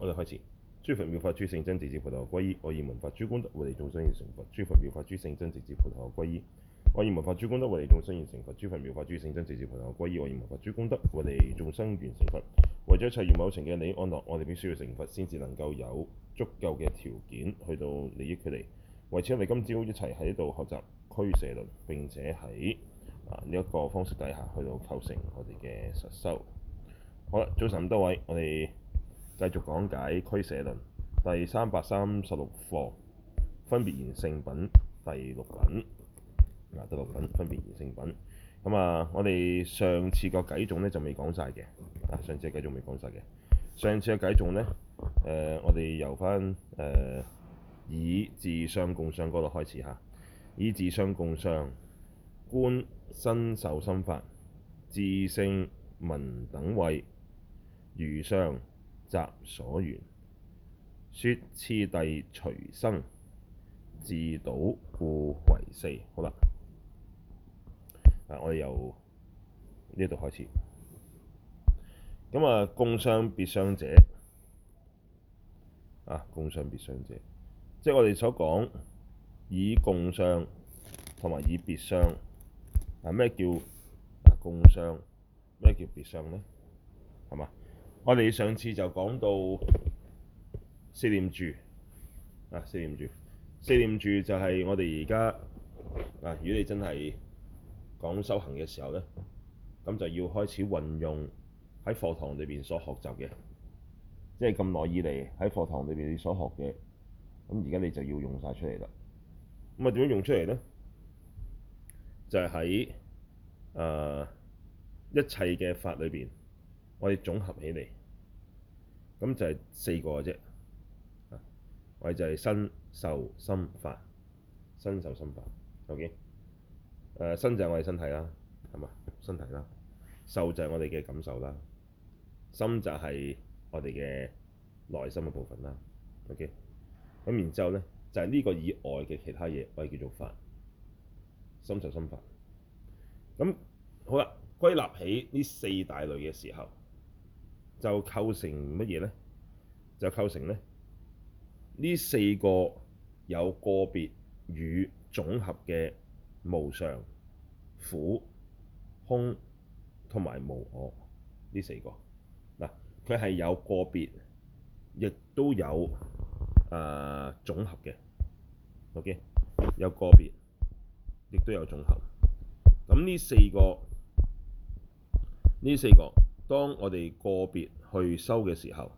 我哋開始，諸佛妙法諸聖真，直接菩提學歸依。我以文法諸功德，我哋眾生願成佛。諸佛妙法諸聖真，直接菩提學歸依。我以文法諸功德，我哋眾生願成佛。諸佛妙法諸聖真，直接菩提學歸依。我以文法諸功德，我哋眾生願成佛。為咗一切圓滿情嘅利益安樂，我哋必須要成佛，先至能夠有足夠嘅條件去到利益佢哋。為此，我哋今朝一齊喺度學習俱舍論，並且喺啊呢一個方式底下，去到構成我哋嘅實修。好啦，早晨咁多位，我哋。繼續講解俱舍論第三百三十六課，分別賢聖品第六品，第六品分別賢聖品。咁啊，我哋上次個偈頌咧就未講晒嘅，啊上次嘅偈頌未講晒嘅。上次嘅偈頌咧，誒、呃、我哋由返誒以自相共相嗰度開始嚇，以自相共相觀身受心法自性聞等慧餘相。則所緣說次第隨生自倒故為四，好啦。啊，我哋由呢度開始。咁啊，共相別相者啊，共相別相者，即係我哋所講以共相同埋以別相啊。咩叫啊共相？咩叫別相呢？係嘛？我哋上次就講到四念住，啊四念住，四念住就係我哋而家啊，如果你真係講修行嘅時候咧，咁就要開始運用喺課堂裏邊所學習嘅，即係咁耐以嚟喺課堂裏邊你所學嘅，咁而家你就要用晒出嚟啦。咁啊點樣用出嚟咧？就係喺啊一切嘅法裏邊。我哋總合起嚟，咁就係四個嘅啫。我哋就係身、受、心、法。身、受、心、法。OK。誒，身就係我哋身體啦，係嘛？身體啦。受就係我哋嘅感受啦。心就係我哋嘅內心嘅部分啦。OK。咁然之後咧，就係呢個以外嘅其他嘢，我哋叫做法。身、受、心、法。咁好啦，歸納起呢四大類嘅時候。就構成乜嘢咧？就構成咧呢四個有個別與總合嘅無常、苦、空同埋無我呢四個嗱，佢係有個別，亦都有誒、呃、總合嘅。OK，有個別，亦都有總合。咁呢四個，呢四個。當我哋個別去修嘅時候，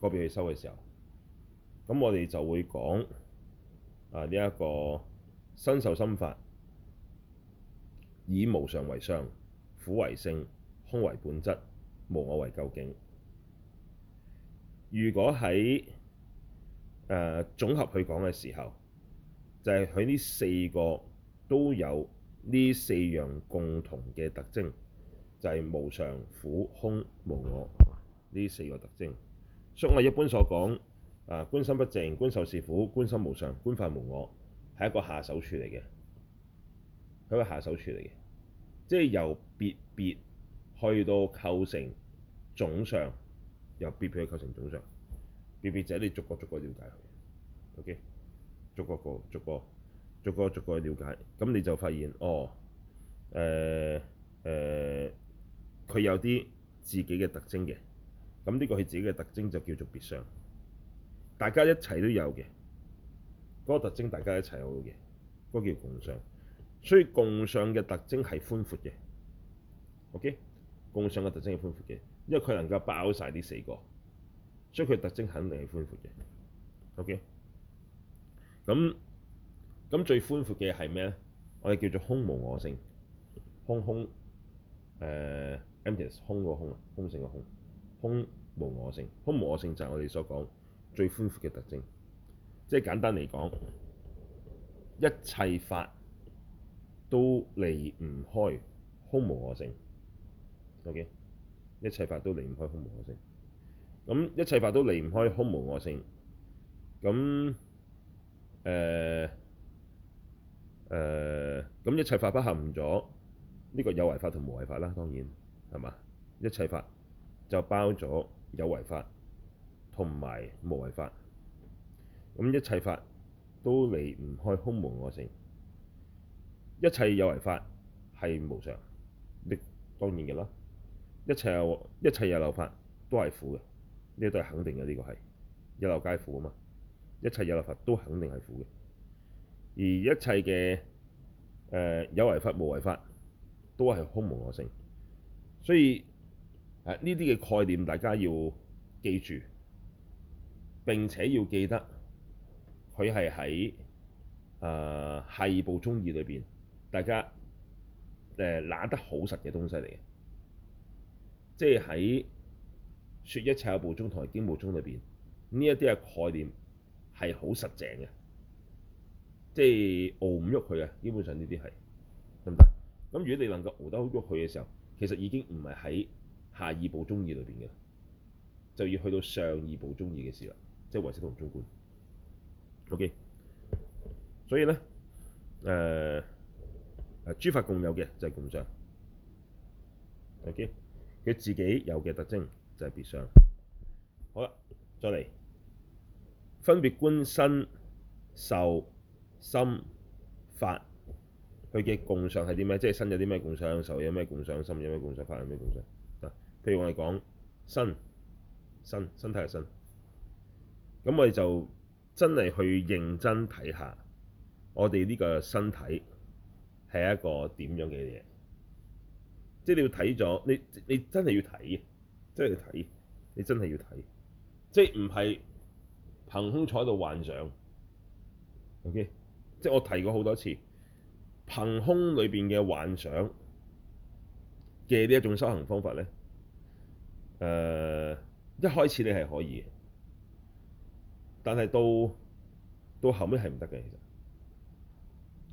個別去修嘅時候，咁我哋就會講啊，呢一、這個身受心法，以無常為相，苦為性，空為本質，無我為究竟。如果喺誒、呃、總合去講嘅時候，就係佢呢四個都有呢四樣共同嘅特徵，就係無常、苦、空、無我呢四個特徵，所以我一般所講啊，觀心不淨、觀受是苦、觀心無常、觀法無我，係一個下手處嚟嘅，係個下手處嚟嘅，即係由別別去到構成總相，由別別去構成總相。別別者，你逐個逐個了解佢，OK，逐個逐個、逐個逐個去了解，咁你就發現哦，誒、呃、誒。呃佢有啲自己嘅特徵嘅，咁呢個佢自己嘅特徵，就叫做別相，大家一齊都有嘅，嗰個特徵大家一齊有嘅，嗰個叫共相，所以共相嘅特徵係寬闊嘅，OK？共相嘅特徵係寬闊嘅，因為佢能夠包晒呢四個，所以佢嘅特徵肯定係寬闊嘅，OK？咁咁最寬闊嘅係咩咧？我哋叫做空無我性，空空，誒、呃。m 空個空啊，空性個空，空無我性。空無我性就係我哋所講最寬闊嘅特徵。即係簡單嚟講，一切法都離唔開空無我性。OK，一切法都離唔開空無我性。咁一切法都離唔開空無我性。咁誒誒，咁、呃呃、一切法包含咗呢個有為法同無為法啦，當然。係嘛？一切法就包咗有為法同埋無為法。咁一切法都離唔開空無我性。一切有為法係無常，你當然嘅啦一。一切有，一切有漏法都係苦嘅，呢個都係肯定嘅。呢、呢個係有漏皆苦啊嘛。一切有漏法都肯定係苦嘅，而一切嘅誒、呃、有為法無為法都係空無我性。所以，誒呢啲嘅概念，大家要記住，並且要記得佢係喺誒《系部中義》裏邊，大家誒拿得好實嘅東西嚟嘅，即係喺説一切有部中同經部中裏邊，呢一啲嘅概念係好實淨嘅，即係熬唔喐佢嘅。基本上呢啲係得唔得？咁如果你能夠熬得好喐佢嘅時候。其實已經唔係喺下二部宗義裏邊嘅，就要去到上二部宗義嘅事啦，即係唯識同中觀。OK，所以咧，誒、呃、誒，諸法共有嘅就係共相，OK，佢自己有嘅特徵就係別相。好啦，再嚟分別觀身受心法。佢嘅共相係啲咩？即係身有啲咩共相，受有咩共相，心有咩共，共相，法有咩共相嗱。譬如我哋講身身身體嘅身，咁我哋就真係去認真睇下我哋呢個身體係一個點樣嘅嘢。即係你要睇咗，你你真係要睇，真係要睇，你真係要睇，即係唔係憑空坐喺度幻想？OK，即係我提過好多次。憑空裏邊嘅幻想嘅呢一種修行方法咧，誒、呃、一開始你係可以嘅，但係到到後尾係唔得嘅。其實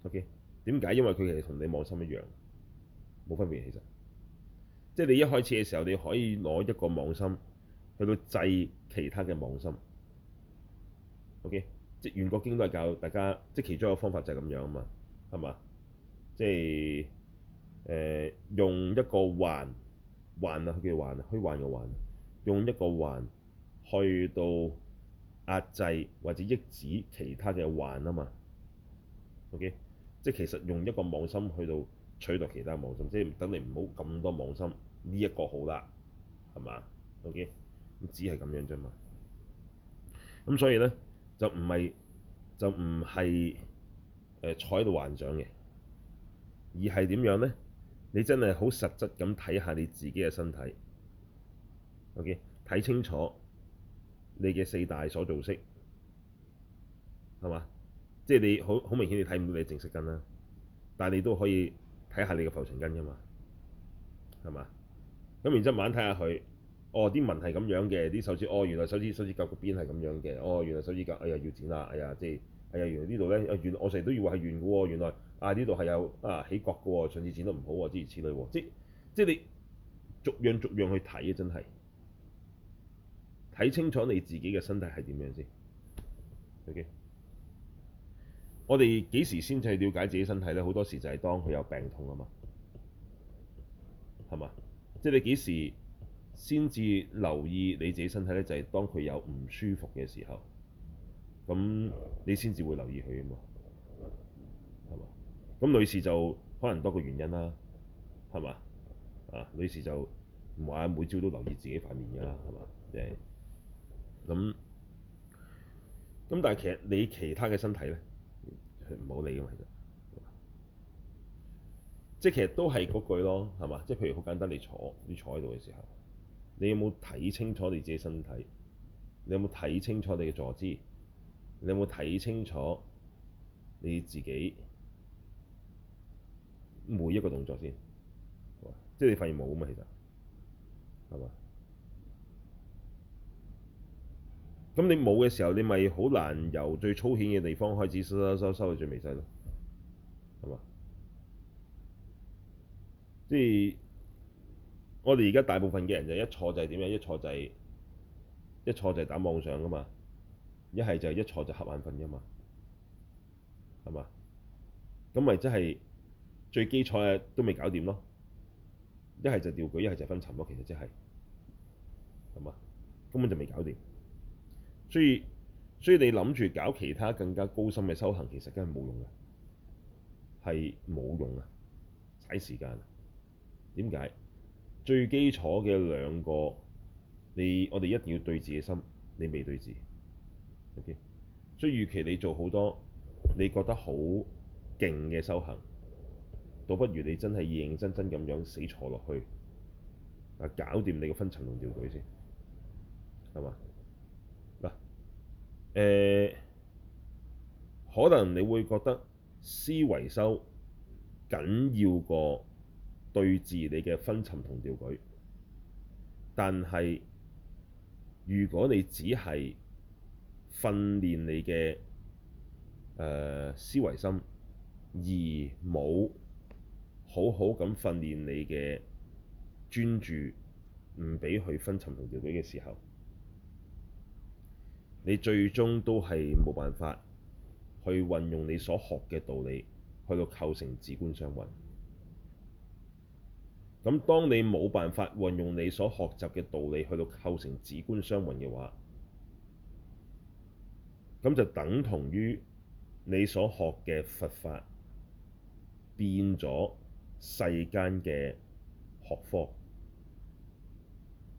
，OK 點解？因為佢係同你妄心一樣，冇分別其實，即係你一開始嘅時候，你可以攞一個妄心去到制其他嘅妄心。OK，即係《圓覺經》都係教大家，即係其中一個方法就係咁樣啊嘛，係嘛？即係誒、呃、用一個幻、幻啊，佢嘅幻、啊，虛幻嘅幻、啊幻啊。用一個幻去到壓制或者抑止其他嘅幻啊嘛。OK，即係其實用一個妄心去到取代其他妄心，即係等你唔好咁多妄心呢一、這個好啦，係嘛？OK，咁只係咁樣啫嘛。咁所以咧就唔係就唔係誒坐喺度幻想嘅。而係點樣呢？你真係好實質咁睇下你自己嘅身體，OK？睇清楚你嘅四大所造色，係嘛？即係你好好明顯，你睇唔到你嘅淨色根啦，但係你都可以睇下你嘅浮塵根噶嘛，係嘛？咁然之後慢慢睇下佢，哦，啲紋係咁樣嘅，啲手指，哦，原來手指手指甲個邊係咁樣嘅，哦，原來手指甲，哎呀要剪啦，哎呀即係，哎呀原來呢度咧，原圓，我成日都以為係圓嘅喎，原來。啊！呢度係有啊起角嘅喎，上次剪得唔好喎，諸如此類喎，即即你逐樣逐樣去睇啊，真係睇清楚你自己嘅身體係點樣先。OK，我哋幾時先至去了解自己身體咧？好多時就係當佢有病痛啊嘛，係嘛？即你幾時先至留意你自己身體咧？就係當佢有唔舒服嘅時候，咁你先至會留意佢啊嘛。咁女士就可能多個原因啦，係嘛？啊，女士就唔話每朝都留意自己塊面㗎啦，係嘛？誒，咁咁但係其實你其他嘅身體咧，唔好理㗎嘛，其實，即係其實都係嗰句咯，係嘛？即係譬如好簡單，你坐你坐喺度嘅時候，你有冇睇清楚你自己身體？你有冇睇清楚你嘅坐姿？你有冇睇清楚你自己？每一個動作先，即係你發現冇啊嘛，其實係嘛？咁你冇嘅時候，你咪好難由最粗顯嘅地方開始收收收收去最微細咯，係嘛？即、就、係、是、我哋而家大部分嘅人就一坐就係點樣，一坐就係、是、一坐就係打妄想噶嘛，就一係就係一坐就瞌眼瞓噶嘛，係嘛？咁咪即係～最基礎嘅都未搞掂咯，一係就掉舉，一係就昏沉。咯。其實即係咁啊，根本就未搞掂。所以所以你諗住搞其他更加高深嘅修行，其實梗係冇用嘅，係冇用啊，嘥時間啊！點解？最基礎嘅兩個，你我哋一定要對自己心，你未對自己 O.K. 所以與其你做好多你覺得好勁嘅修行。倒不如你真係認認真真咁樣死坐落去搞掂你嘅昏沉同掉舉先，係嘛？呃，可能你會覺得思維修緊要過對治你嘅昏沉同掉舉，但係如果你只係訓練你嘅、呃、思維心，而冇好好咁訓練你嘅專注，唔俾佢昏沉同掉舉嘅時候，你最終都係冇辦法去運用你所學嘅道理，去到構成止觀雙運。咁當你冇辦法運用你所學習嘅道理，去到構成止觀雙運嘅話，咁就等同於你所學嘅佛法變咗世間嘅學科，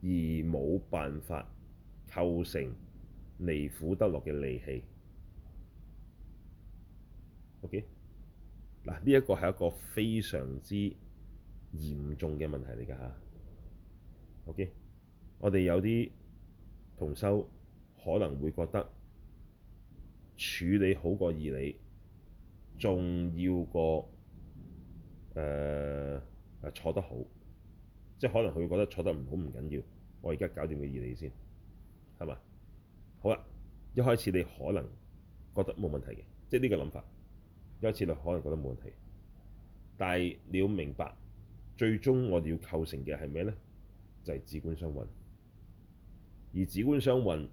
而冇辦法構成離苦得樂嘅利器。OK，嗱呢一個係一個非常之嚴重嘅問題嚟㗎嚇。OK，我哋有啲同修可能會覺得處理好過義理，重要過。誒、呃、坐得好，即係可能佢覺得坐得唔好唔緊要。我而家搞掂嘅二你先係嘛？好啦，一開始你可能覺得冇問題嘅，即係呢個諗法。一開始你可能覺得冇問題，但係你要明白，最終我哋要構成嘅係咩咧？就係止觀相運，而止觀相運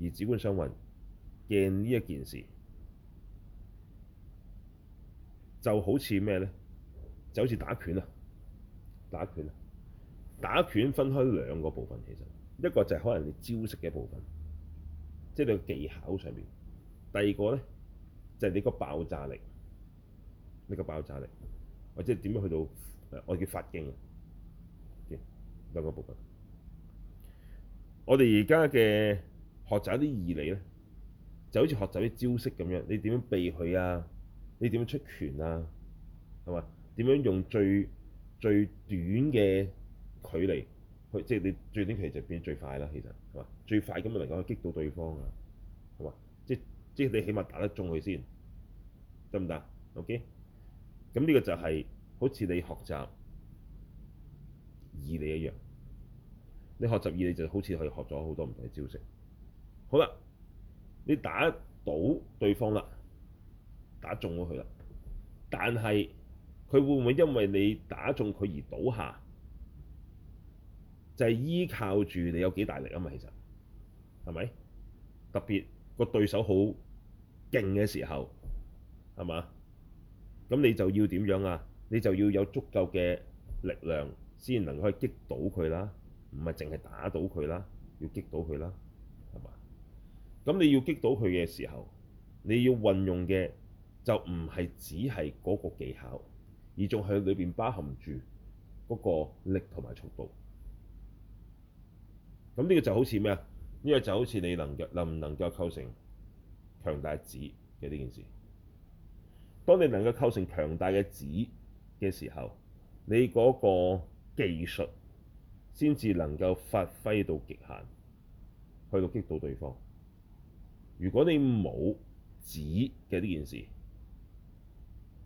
而止觀相運嘅呢一件事就好似咩咧？就好似打拳啊，打拳啊，打拳分開兩個部分。其實一個就係可能你招式嘅部分，即係你個技巧上面；第二個咧就係你個爆炸力，呢個爆炸力或者點樣去到，我叫發勁嘅，見兩個部分。我哋而家嘅學習一啲義理咧，就好似學習啲招式咁樣，你點樣避佢啊？你點樣出拳啊？係嘛？點樣用最最短嘅距離去，即係你最短距離就變最快啦。其實係嘛，最快咁咪能夠激到對方啊，係嘛，即即你起碼打得中佢先，得唔得？OK，咁呢個就係、是、好似你學習二你一樣，你學習二你就好似係學咗好多唔同嘅招式。好啦，你打到對方啦，打中咗佢啦，但係，佢會唔會因為你打中佢而倒下？就係依靠住你有幾大力啊嘛，其實係咪特別個對手好勁嘅時候係嘛？咁你就要點樣啊？你就要有足夠嘅力量先能夠去擊倒佢啦，唔係淨係打倒佢啦，要擊倒佢啦係嘛？咁你要擊倒佢嘅時候，你要運用嘅就唔係只係嗰個技巧。而仲喺裏邊包含住嗰個力同埋速度，咁呢個就好似咩啊？呢個就好似你能能唔能夠構成強大的子嘅呢件事。當你能夠構成強大嘅子嘅時候，你嗰個技術先至能夠發揮到極限，去到激到對方。如果你冇子嘅呢件事，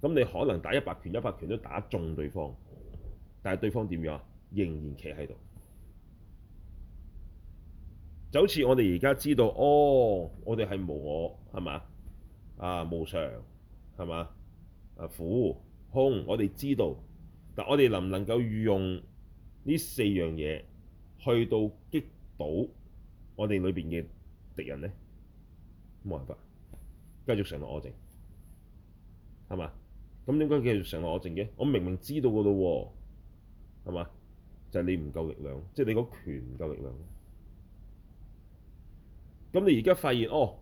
咁你可能打一百拳，一百拳都打中對方，但係對方點樣，仍然企喺度。就好似我哋而家知道，哦，我哋係無我係嘛？啊，無常係嘛？啊，苦空，我哋知道，但我哋能唔能夠用呢四樣嘢去到擊倒我哋裏邊嘅敵人呢？冇辦法，繼續成為我哋，係嘛？咁點解繼續成日我剩嘅？我明明知道嘅咯喎，係嘛？就係、是、你唔夠力量，即、就、係、是、你個拳唔夠力量。咁你而家發現哦，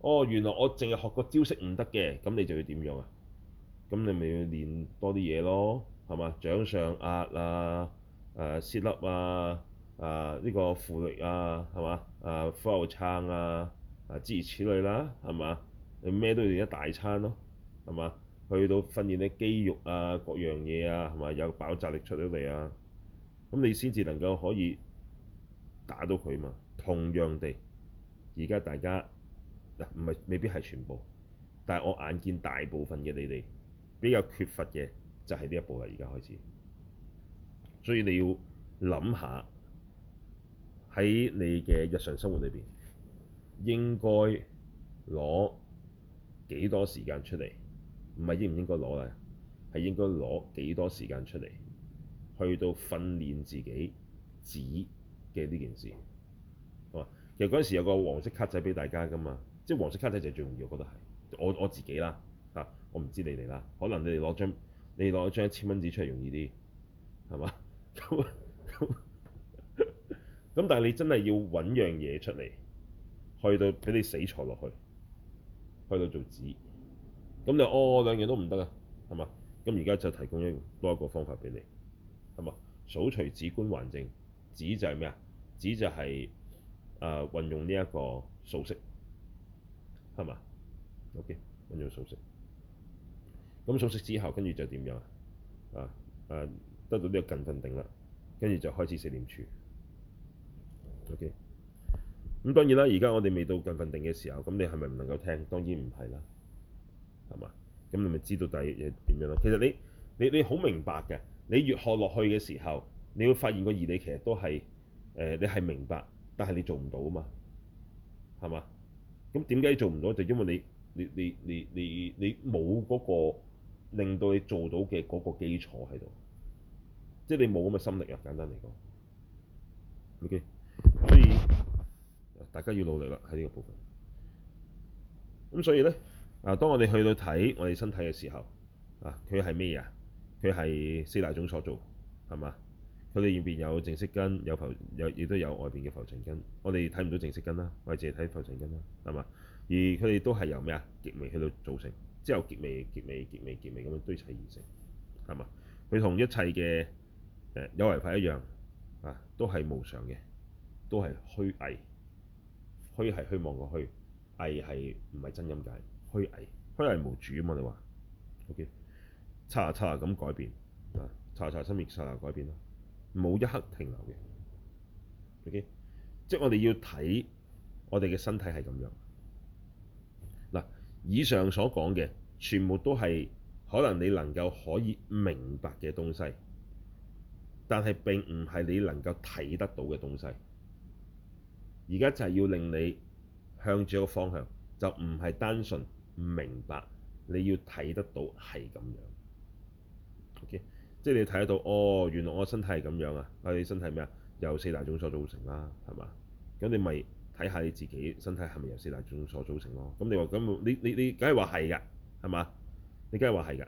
哦原來我淨係學個招式唔得嘅，咁你就要點樣啊？咁你咪要練多啲嘢咯，係嘛？掌上壓啊，誒、啊、sit up 啊，啊呢、這個負力啊，係嘛？啊俯撐啊，啊諸如此類啦、啊，係嘛？你咩都要練一大餐咯，係嘛？去到訓練啲肌肉啊，各樣嘢啊，係咪有爆炸力出咗嚟啊？咁你先至能夠可以打到佢嘛。同樣地，而家大家嗱，唔係未必係全部，但係我眼見大部分嘅你哋比較缺乏嘅就係呢一步啦、啊。而家開始，所以你要諗下喺你嘅日常生活裏邊應該攞幾多時間出嚟？唔係應唔應該攞咧，係應該攞幾多時間出嚟，去到訓練自己紙嘅呢件事。啊，其實嗰陣時有個黃色卡仔俾大家噶嘛，即係黃色卡仔就最重要，我覺得係我我自己啦嚇，啊，我唔知你哋啦，可能你哋攞張你攞張一千蚊紙出嚟容易啲係嘛？咁咁，咁 但係你真係要揾樣嘢出嚟，去到俾你死坐落去，去到做紙。咁你哦兩樣都唔得啊，係嘛？咁而家就提供一多一個方法俾你，係嘛？數除止觀環境，止就係咩啊？止就係、是、啊、呃、運用呢一個數息，係嘛？OK，運用數息。咁數息之後，跟住就點樣啊？啊得到呢個近分定啦，跟住就開始四念處。OK，咁當然啦，而家我哋未到近分定嘅時候，咁你係咪唔能夠聽？當然唔係啦。係嘛？咁你咪知道第二嘢點樣咯？其實你你你好明白嘅，你越學落去嘅時候，你會發現個義理其實都係誒、呃，你係明白，但係你做唔到啊嘛？係嘛？咁點解做唔到？就因為你你你你你你冇嗰個令到你做到嘅嗰個基礎喺度，即係你冇咁嘅心力啊！簡單嚟講，OK，所以大家要努力啦！喺呢個部分，咁所以咧。啊！當我哋去到睇我哋身體嘅時候，啊，佢係咩啊？佢係四大種所造，係嘛？佢哋入邊有淨色根，有浮有亦都有外邊嘅浮塵根。我哋睇唔到淨色根啦，我哋淨睇浮塵根啦，係嘛？而佢哋都係由咩啊？極微去到造成，之後極微極微極微極微咁樣堆砌而成，係嘛？佢同一切嘅誒有為法一樣，啊，都係無常嘅，都係虛偽。虛係虛妄個虛，偽係唔係真音解。虛偽，虛偽無主啊嘛！我哋話，O.K.，剎那剎那咁改變，啊，剎那剎那身形改變咯，冇一刻停留嘅，O.K.，即係我哋要睇我哋嘅身體係咁樣。嗱，以上所講嘅全部都係可能你能夠可以明白嘅東西，但係並唔係你能夠睇得到嘅東西。而家就係要令你向住一個方向，就唔係單純。唔明白，你要睇得到係咁樣，OK？即係你睇得到，哦，原來我身體係咁樣啊！你身體咩啊？由四大種所組成啦，係嘛？咁你咪睇下你自己身體係咪由四大種所組成咯？咁你話咁，你你你，梗係話係㗎，係嘛？你梗係話係㗎？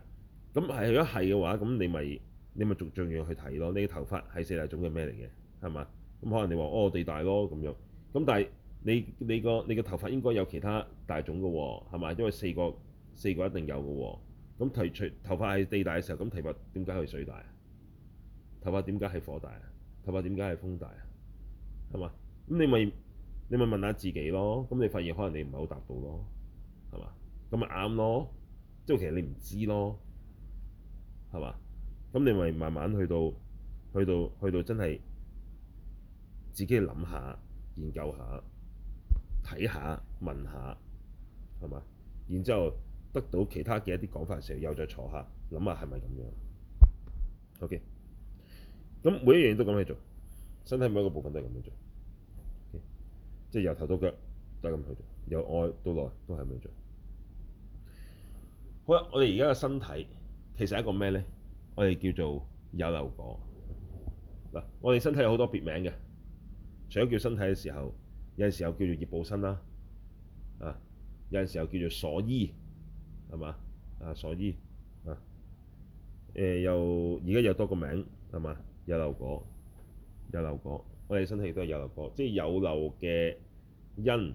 咁係如果係嘅話，咁你咪你咪逐樣樣去睇咯。你啲頭髮係四大種嘅咩嚟嘅？係嘛？咁可能你話哦，地大咯咁樣。咁但係。你你個你個頭髮應該有其他大種嘅喎，係咪？因為四個四個一定有嘅喎。咁排除頭髮係地大嘅時候，咁頭髮點解係水大啊？頭髮點解係火大啊？頭髮點解係風大啊？係嘛？咁你咪你咪問下自己咯。咁你發現可能你唔係好答到咯，係嘛？咁咪啱咯，即係其實你唔知咯，係嘛？咁你咪慢慢去到去到去到真係自己諗下研究下。睇下，問下，係嘛？然之後得到其他嘅一啲講法嘅時候，又再坐下諗下是是，係咪咁樣？OK，咁每一樣嘢都咁去做，身體每一個部分都係咁樣做，okay。即係由頭到腳都係咁去做，由外到內都係咁樣做。好啦，我哋而家嘅身體其實係一個咩咧？我哋叫做有漏果。嗱，我哋身體有好多別名嘅，除咗叫身體嘅時候。有陣時候叫做業報身啦，啊！有陣時候叫做所依，係嘛？啊，所依啊，誒、呃、又而家有多個名係嘛？有漏果，有漏果，我哋身體亦都係有漏果，即係有漏嘅因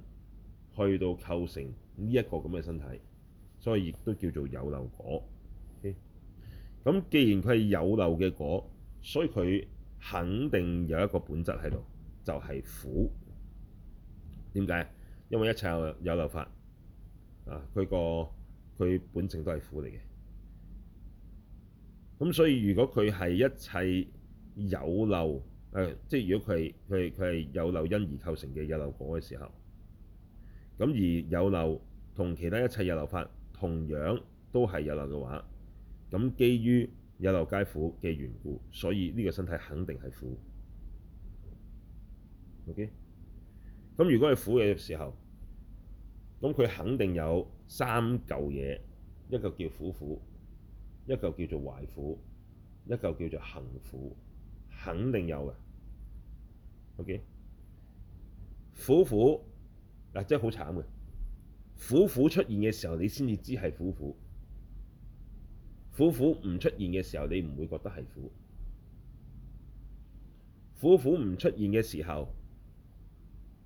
去到構成呢一個咁嘅身體，所以亦都叫做有漏果。咁、okay? 既然佢係有漏嘅果，所以佢肯定有一個本質喺度，就係苦。點解？因為一切有有漏法佢、啊、個佢本性都係苦嚟嘅。咁、啊、所以如果佢係一切有漏誒、啊，即係如果佢係佢係佢係有漏因而構成嘅有漏果嘅時候，咁而有漏同其他一切有漏法同樣都係有漏嘅話，咁基於有漏皆苦嘅緣故，所以呢個身體肯定係苦。OK。咁如果係苦嘅時候，咁佢肯定有三嚿嘢，一嚿叫苦苦，一嚿叫做壞苦，一嚿叫做行苦，肯定有嘅。OK，苦苦嗱，真係好慘嘅，苦苦出現嘅時候你先至知係苦苦，苦苦唔出現嘅時候你唔會覺得係苦，苦苦唔出現嘅時候。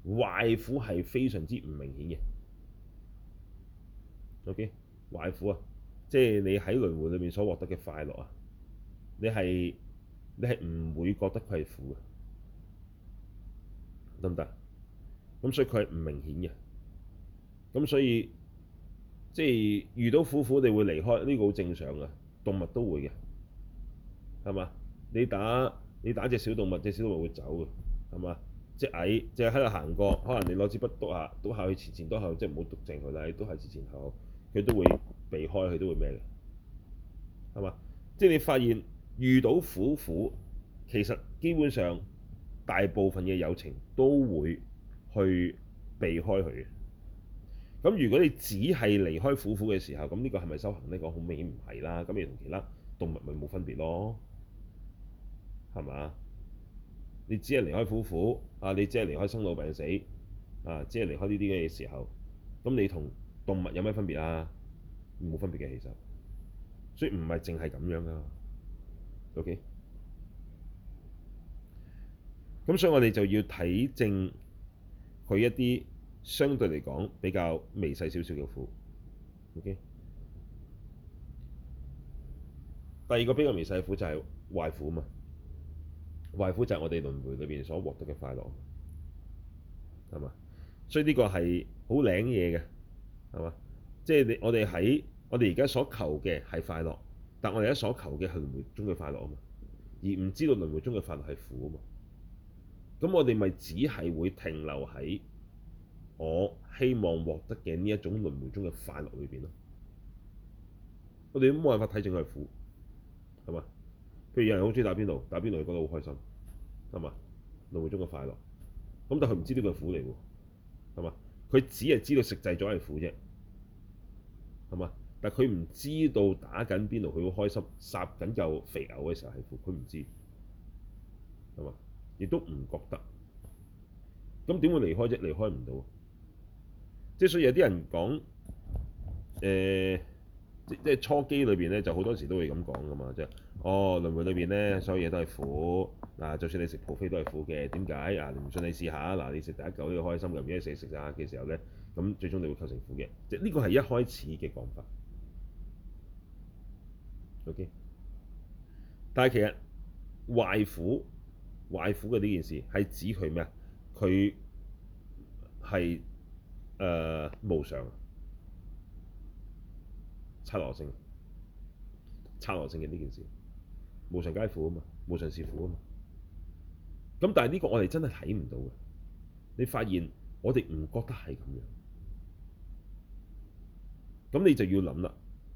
壞苦係非常之唔明顯嘅，OK？壞苦啊，即係你喺輪迴裏面所獲得嘅快樂啊，你係你係唔會覺得佢係苦嘅，得唔得？咁所以佢係唔明顯嘅，咁所以即係遇到苦苦，你會離開，呢個好正常啊，動物都會嘅，係嘛？你打你打隻小動物，隻小動物會走嘅，係嘛？隻矮，隻係喺度行過，可能你攞支筆篤下，篤下佢前前篤後，即唔好篤正佢啦，都係前前後後，佢都會避開，佢都會咩嘅，係嘛？即係你發現遇到苦苦，其實基本上大部分嘅友情都會去避開佢。咁如果你只係離開苦苦嘅時候，咁呢個係咪修行呢？那個好明顯唔係啦，咁你同其他動物咪冇分別咯，係嘛？你只係離開苦苦。啊！你只係離開生老病死，啊！只係離開呢啲嘅時候，咁你同動物有咩分別啊？冇分別嘅其實，所以唔係淨係咁樣噶。OK，咁所以我哋就要睇證佢一啲相對嚟講比較微細少少嘅苦。OK，第二個比較微細嘅苦就係壞苦啊嘛。為苦就係我哋輪迴裏邊所獲得嘅快樂，係嘛？所以呢個係好靚嘢嘅，係嘛？即係你我哋喺我哋而家所求嘅係快樂，但我哋而家所求嘅係輪迴中嘅快樂啊嘛，而唔知道輪迴中嘅快樂係苦啊嘛。咁我哋咪只係會停留喺我希望獲得嘅呢一種輪迴中嘅快樂裏邊咯。我哋都冇辦法睇正佢苦，係嘛？譬如有人好中意打邊爐，打邊爐佢覺得好開心，係嘛？輪迴中嘅快樂咁，但係佢唔知呢個苦嚟喎，係嘛？佢只係知道食滯咗係苦啫，係嘛？但係佢唔知道打緊邊爐佢好開心，殺緊嚿肥牛嘅時候係苦，佢唔知係嘛？亦都唔覺得咁點會離開啫？離開唔到，即係所以有啲人講誒、呃，即係初機裏邊咧，就好多時都會咁講㗎嘛，即係。哦，輪迴裏邊呢，所有嘢都係苦。嗱、啊，就算你食 buffet 都係苦嘅。點解？啊，唔信你試下。嗱、啊，你食第一嚿都要開心，入、啊、邊一食食曬嘅時候呢，咁、啊啊啊啊啊、最終你會構成苦嘅。即呢、這個係一開始嘅講法。OK。但係其實壞苦壞苦嘅呢件事係指佢咩？佢係誒無常、差樂性、差樂性嘅呢件事。無常皆苦啊嘛，無常是苦啊嘛。咁但係呢個我哋真係睇唔到嘅。你發現我哋唔覺得係咁樣，咁你就要諗啦，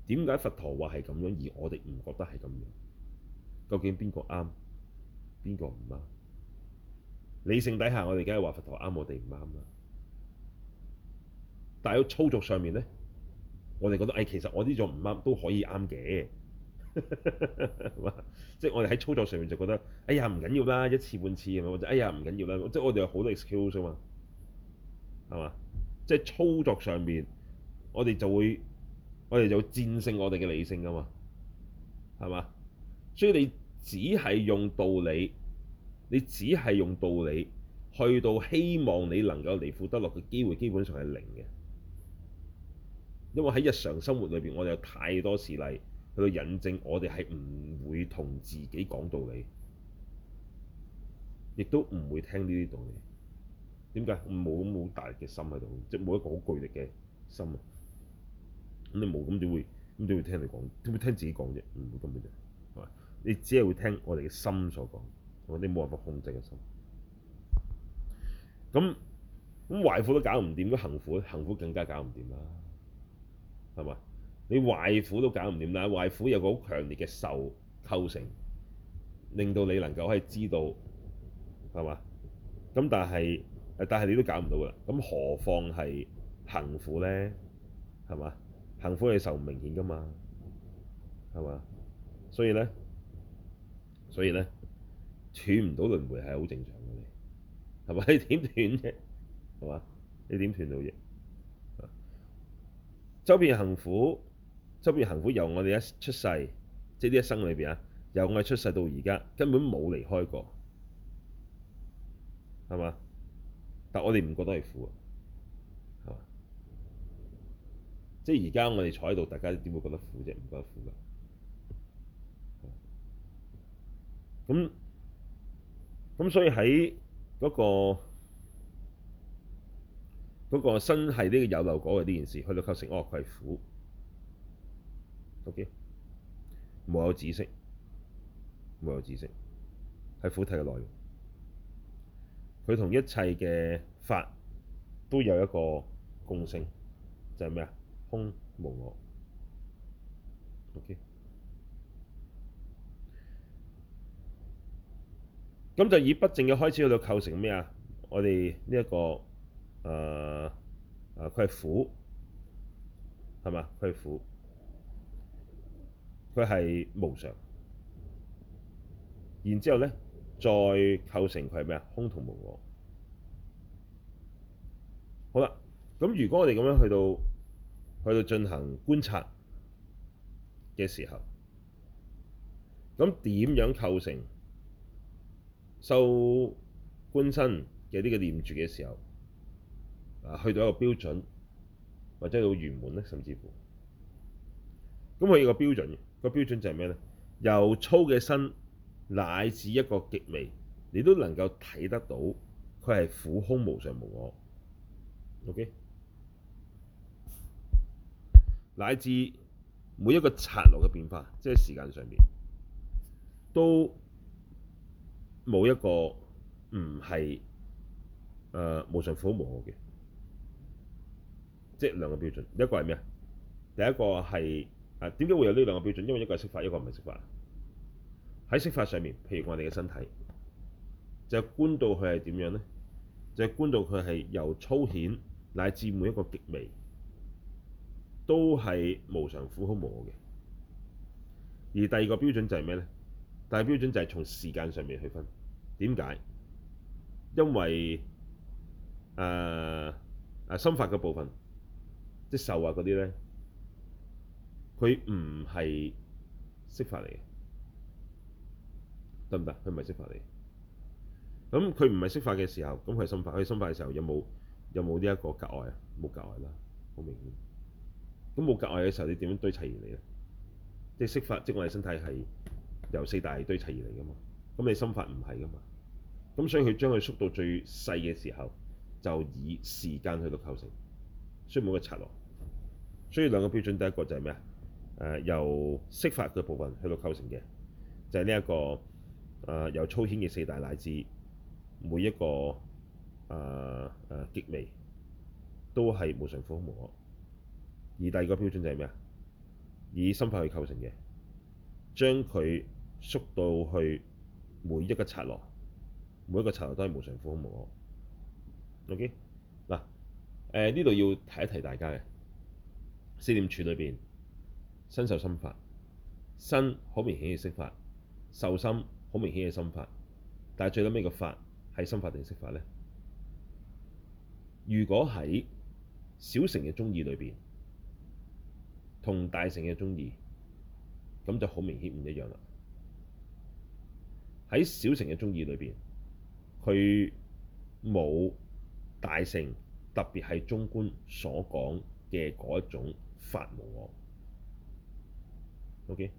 點解佛陀話係咁樣，而我哋唔覺得係咁樣？究竟邊個啱，邊個唔啱？理性底下我，我哋梗係話佛陀啱，我哋唔啱啦。但係喺操作上面呢，我哋覺得誒、哎，其實我呢種唔啱都可以啱嘅。 即係我哋喺操作上面就覺得，哎呀唔緊要啦，一次半次或者哎呀唔緊要啦，即係我哋有好多 excuse 啊嘛，係嘛？即係操作上面，我哋就會，我哋就會戰勝我哋嘅理性啊嘛，係嘛？所以你只係用道理，你只係用道理去到希望你能夠離苦得樂嘅機會，基本上係零嘅，因為喺日常生活裏邊，我哋有太多事例。去到引證，我哋係唔會同自己講道理，亦都唔會聽呢啲道理。點解？冇咁好大力嘅心喺度，即係冇一個好巨力嘅心。咁你冇咁，點會？點會聽你講？點會聽自己講啫？唔會咁嘅啫，係嘛？你只係會聽我哋嘅心所講。我哋冇辦法控制嘅心。咁咁，壞苦都搞唔掂，咁行苦行苦更加搞唔掂啦，係咪？你壞苦都搞唔掂啦，壞苦有個好強烈嘅受構成，令到你能夠係知道，係嘛？咁但係，但係你都搞唔到嘅，咁何況係行苦咧？係嘛？行苦嘅受唔明顯噶嘛？係嘛？所以咧，所以咧，斷唔到輪迴係好正常嘅，係咪？你點斷啫？係嘛？你點斷到嘢？周遍行苦。執變行苦，由我哋一出世，即係呢一生裏邊啊，由我哋出世到而家，根本冇離開過，係嘛？但我哋唔覺得係苦啊，係嘛？即係而家我哋坐喺度，大家點會覺得苦啫？唔覺得苦㗎？咁咁所以喺嗰個嗰個身係呢個有漏果嘅呢件事，去到構成惡、貴、苦。O.K. 無有止息，無有止息，係苦體嘅內容。佢同一切嘅法都有一個共性，就係咩啊？空無我。O.K. 咁就以不正嘅開始去到構成咩啊？我哋呢一個誒誒，佢係苦係嘛？佢係、呃、苦。佢係無常，然之後咧再構成佢係咩啊？空同無我。好啦，咁如果我哋咁樣去到去到進行觀察嘅時候，咁點樣構成受觀身嘅呢個念住嘅時候啊？去到一個標準或者到圓滿咧，甚至乎咁佢要個標準嘅。個標準就係咩咧？由粗嘅身乃至一個極微，你都能夠睇得到佢係苦空無常無我。OK，乃至每一個剎那嘅變化，即係時間上邊都冇一個唔係誒無常苦無我嘅。即係兩個標準，一個係咩啊？第一個係。啊，點解會有呢兩個標準？因為一個係色法，一個唔係色法。喺色法上面，譬如我哋嘅身體，就係、觀到佢係點樣呢？就係、觀到佢係由粗顯乃至每一個極微，都係無常、苦、空、無我嘅。而第二個標準就係咩呢？第二個標準就係從時間上面去分。點解？因為誒誒、呃、心法嘅部分，即受啊嗰啲呢。佢唔係色法嚟嘅，得唔得？佢唔係色法嚟。咁佢唔係色法嘅時候，咁佢係心法。佢心法嘅時候有冇有冇呢一個極微啊？冇極微啦，好明顯。咁冇極微嘅時候，你點樣堆砌而嚟咧？即係色法，即係我哋身體係由四大堆砌而嚟嘅嘛。咁你心法唔係㗎嘛。咁所以佢將佢縮到最細嘅時候，就以時間去到構成，所以冇得拆落。所以兩個標準，第一個就係咩啊？誒由色法嘅部分去到構成嘅，就係呢一個誒、呃、由粗顯嘅四大乃至每一個誒誒、呃啊、極微都係無常苦空無我。而第二個標準就係咩啊？以心法去構成嘅，將佢縮到去每一個剎那，每一個剎那都係無常苦空無我。OK 嗱誒呢度要提一提大家嘅四念處裏邊。身受心法，身好明顯嘅色法，受心好明顯嘅心法。但係最屘尾個法係心法定色法呢？如果喺小乘嘅中意裏邊，同大乘嘅中意，咁就好明顯唔一樣啦。喺小乘嘅中意裏邊，佢冇大乘特別係中觀所講嘅嗰一種法無我。OK，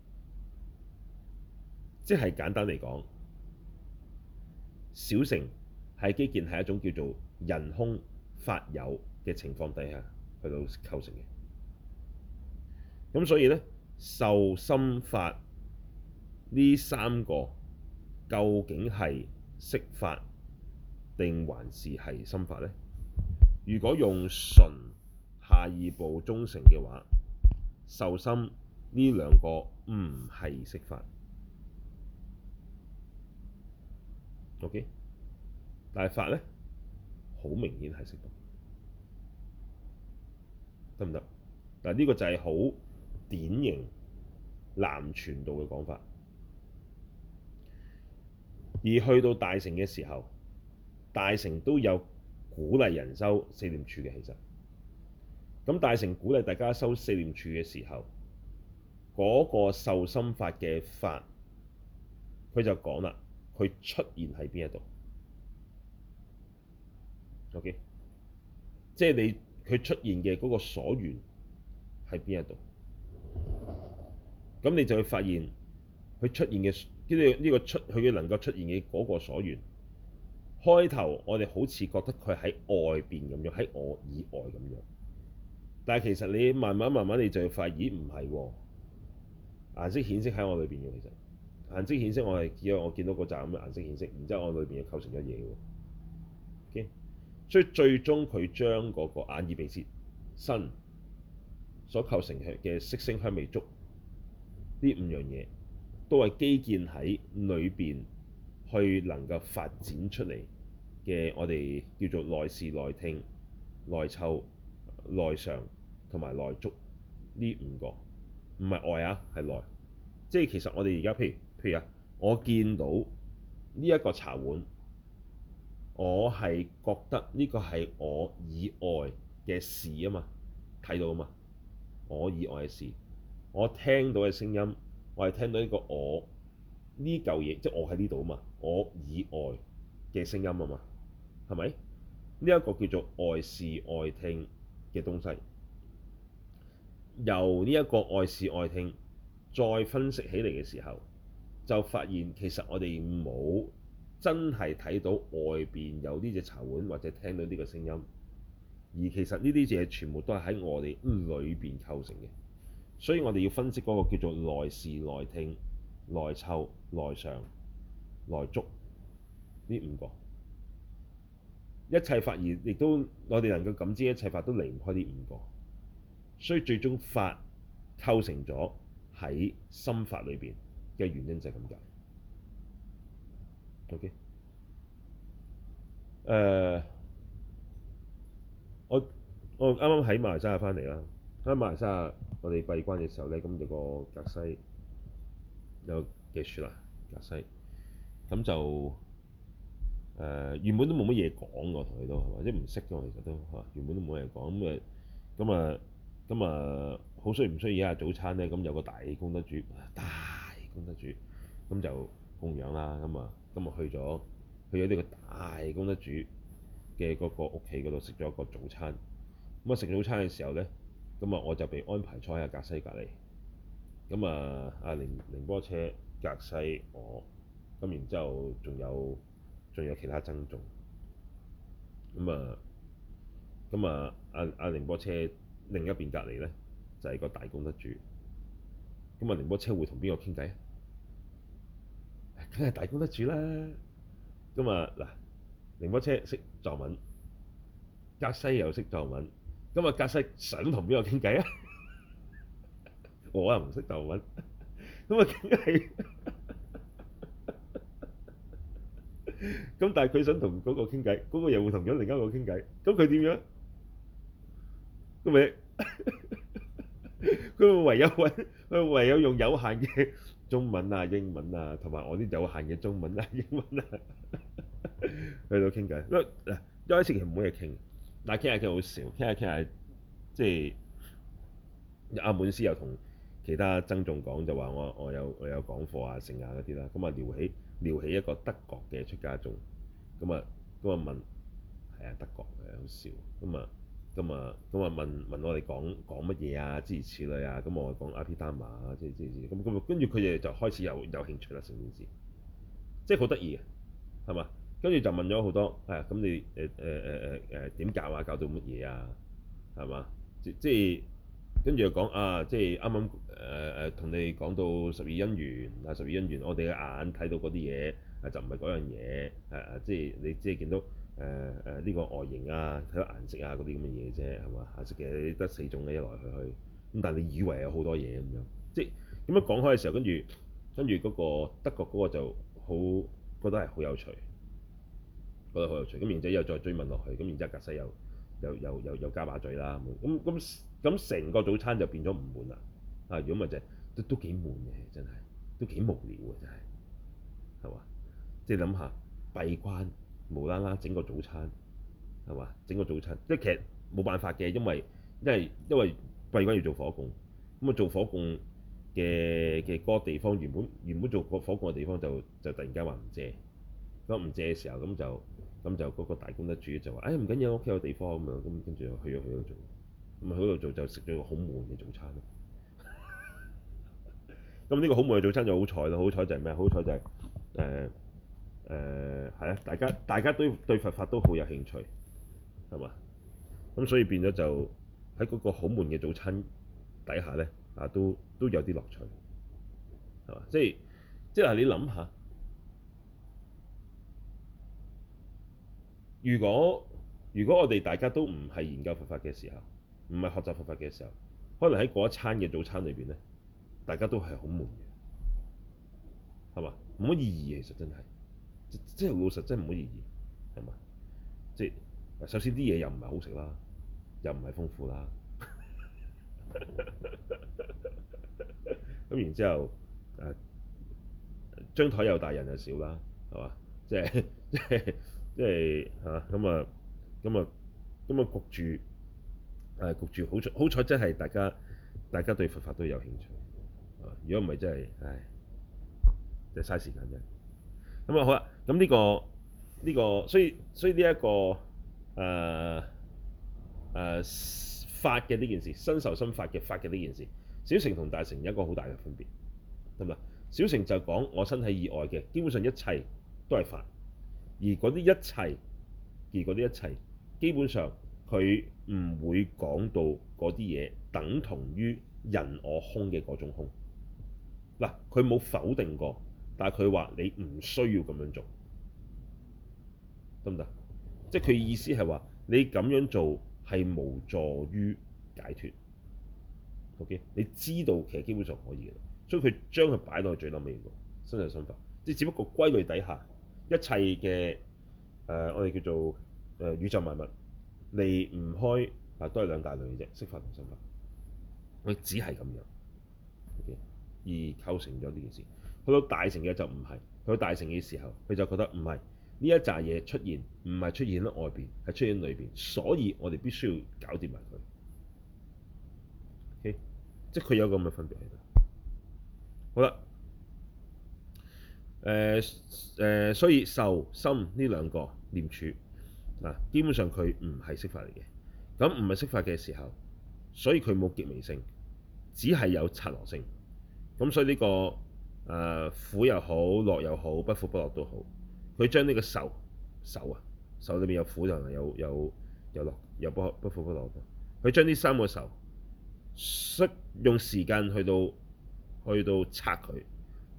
即係簡單嚟講，小城係基建係一種叫做人空法有嘅情況底下去到構成嘅。咁所以呢，受心法呢三個究竟係色法定還是係心法呢？如果用純下二部忠誠嘅話，受心。呢兩個唔係色法，OK？但係法咧，好明顯係識得，得唔得？嗱，呢個就係好典型南傳道嘅講法，而去到大乘嘅時候，大乘都有鼓勵人修四念處嘅，其實，咁大乘鼓勵大家修四念處嘅時候。嗰個受心法嘅法，佢就講啦，佢出現喺邊一度？OK，即係你佢出現嘅嗰個所緣喺邊一度？咁你就會發現佢出現嘅呢個呢個出佢能夠出現嘅嗰個所緣。開頭我哋好似覺得佢喺外邊咁樣，喺我以外咁樣，但係其實你慢慢慢慢你就會發現，咦唔係喎。顏色顯色喺我裏邊嘅，其實顏色顯色，我係見我見到個集咁嘅顏色顯色，然之後我裏邊又構成咗嘢喎。Okay? 所以最終佢將嗰個眼耳鼻舌身所構成嘅色聲香味觸呢五樣嘢，都係基建喺裏邊去能夠發展出嚟嘅，我哋叫做內視內聽內嗅內嚐同埋內觸呢五個。唔係外啊，係內。即係其實我哋而家，譬如譬如啊，我見到呢一個茶碗，我係覺得呢個係我以外嘅事啊嘛，睇到啊嘛，我以外嘅事，我聽到嘅聲音，我係聽到一個我呢嚿嘢，即係我喺呢度啊嘛，我以外嘅聲音啊嘛，係咪？呢一個叫做外事外聽嘅東西。由呢一個外視外聽再分析起嚟嘅時候，就發現其實我哋冇真係睇到外邊有呢隻茶碗，或者聽到呢個聲音。而其實呢啲嘢全部都係喺我哋裏邊構成嘅，所以我哋要分析嗰個叫做內視內聽、內嗅、內嘗、內觸呢五個一切法，亦都我哋能夠感知一切法，都離唔開呢五個。所以最終法構成咗喺心法裏邊嘅原因就係咁解。OK，誒，我我啱啱喺馬來西亞翻嚟啦。喺馬來西亞，我哋閉關嘅時候咧，咁就個格西有幾説啦？格西咁就誒，原本都冇乜嘢講㗎，同佢都係嘛，即係唔識嘅。其實都嚇原本都冇嘢講咁，誒，咁啊～咁啊，好需唔需要一下早餐咧？咁有個大功德主，大功德主，咁就供養啦。咁啊，咁啊，去咗，去咗呢個大功德主嘅嗰個屋企嗰度食咗一個早餐。咁啊，食早餐嘅時候咧，咁啊，我就被安排坐喺格西隔籬。咁啊，阿寧寧波車格西我，咁然之後仲有仲有其他僧眾。咁啊，咁啊，阿阿寧波車。另一邊隔離呢，就係個大功德主。咁啊，寧波車會同邊個傾偈？梗係大功德主啦。咁啊，嗱，寧波車識藏文，格西又識藏文。咁啊，格西想同邊個傾偈啊？我又唔識藏文，咁啊，梗係。咁但係佢想同嗰個傾偈，嗰個又會同咗另一個傾偈。咁佢點樣？佢咪？佢唯有揾，佢唯有用有限嘅中文啊、英文啊，同埋我啲有限嘅中文啊、英文啊，去到傾偈。因為嗱，因為前期冇嘢傾，但係傾下傾好少，傾下傾下即係阿滿師又同其他曾仲講就話我我有我有講課啊、剩啊嗰啲啦。咁啊聊起聊起一個德國嘅出家眾，咁啊咁啊問係啊德國嘅好笑咁啊。咁啊，咁啊問問我哋講講乜嘢啊？諸如此類啊，咁我講阿毗達磨啊，即係即係咁咁，跟住佢哋就開始有有興趣啦，成件事，即係好得意，啊，係嘛？跟住就問咗好多，係、哎、咁你誒誒誒誒誒點搞啊？搞到乜嘢啊？係嘛？即即係跟住又講啊，即係啱啱誒誒同你講到十二因緣啊，十二因緣我哋嘅眼睇到嗰啲嘢啊，就唔係嗰樣嘢，誒即係你即係見到。誒誒呢個外形啊，睇顏色啊，嗰啲咁嘅嘢啫，係嘛？顏色嘅你得四種嘅，一來去去咁，但係你以為有好多嘢咁樣，即係點樣講開嘅時候，跟住跟住嗰個德國嗰個就好覺得係好有趣，覺得好有趣。咁然之後又再追問落去，咁然之後格西又又又又又加把嘴啦，咁咁咁成個早餐就變咗唔滿啦。啊、就係，如果咪就都都幾悶嘅，真係都幾無聊嘅，真係係嘛？即係諗下閉關。無啦啦整個早餐，係嘛？整個早餐，即係其實冇辦法嘅，因為因為因為閉關要做火供，咁啊做火供嘅嘅嗰個地方原本原本做個火供嘅地方就就突然間話唔借，咁唔借嘅時候咁就咁就嗰個大功德主就話：哎唔緊要，屋企有地方啊嘛，咁跟住就去咗去度做，咁啊去嗰度做就食咗個好悶嘅早餐咯。咁呢 個好悶嘅早餐就好彩咯，好彩就係咩？好彩就係、是、誒。呃誒係啊！大家大家都對佛法都好有興趣，係嘛？咁所以變咗就喺嗰個好悶嘅早餐底下咧，啊都都有啲樂趣，係嘛？即係即係你諗下，如果如果我哋大家都唔係研究佛法嘅時候，唔係學習佛法嘅時候，可能喺嗰一餐嘅早餐裏邊咧，大家都係好悶嘅，係嘛？冇乜意義，其實真係。即係老實，真係冇意義，係嘛？即係首先啲嘢又唔係好食啦，又唔係豐富啦。咁 然之後，誒、啊，張台又大人又少啦，係嘛？即係即係，嚇、就、咁、是、啊，咁啊，咁啊焗住，誒焗住好彩，好彩真係大家大家對佛法都有興趣。誒，如果唔係真係，唉，真係嘥時間啫。咁啊、嗯，好啦，咁呢、這個呢、這個，所以所以呢、這、一個誒誒、呃呃、法嘅呢件事，身受心法嘅法嘅呢件事，小乘同大乘有一個好大嘅分別，係咪啊？小乘就講我身體以外嘅，基本上一切都係法，而嗰啲一切而嗰啲一切，基本上佢唔會講到嗰啲嘢等同於人我空嘅嗰種空，嗱、啊，佢冇否定過。但係佢話：你唔需要咁樣做，得唔得？即係佢意思係話你咁樣做係無助於解脫。O.K. 你知道其實基本上可以嘅，所以佢將佢擺到去最諗面度，身受心法。即係只不過歸類底下一切嘅誒、呃，我哋叫做誒宇宙萬物離唔開啊，都係兩大類嘅啫，色法同心法。佢只係咁樣，O.K.，而構成咗呢件事。去到大城嘅就唔係，去到大城嘅時候，佢就覺得唔係呢一紮嘢出現，唔係出現喺外邊，係出現喺裏邊，所以我哋必須要搞掂埋佢。Okay? 即係佢有個咁嘅分別。好啦，誒、呃、誒、呃，所以受心呢兩個念處住啊，基本上佢唔係色法嚟嘅，咁唔係色法嘅時候，所以佢冇極微性，只係有剎那性，咁所以呢、這個。誒、啊、苦又好，樂又好，不苦不樂都好。佢將呢個受，受啊，受裏、啊、面有苦有，就有有有樂，有不不苦不樂嘅。佢將呢三個受，需用時間去到去到拆佢，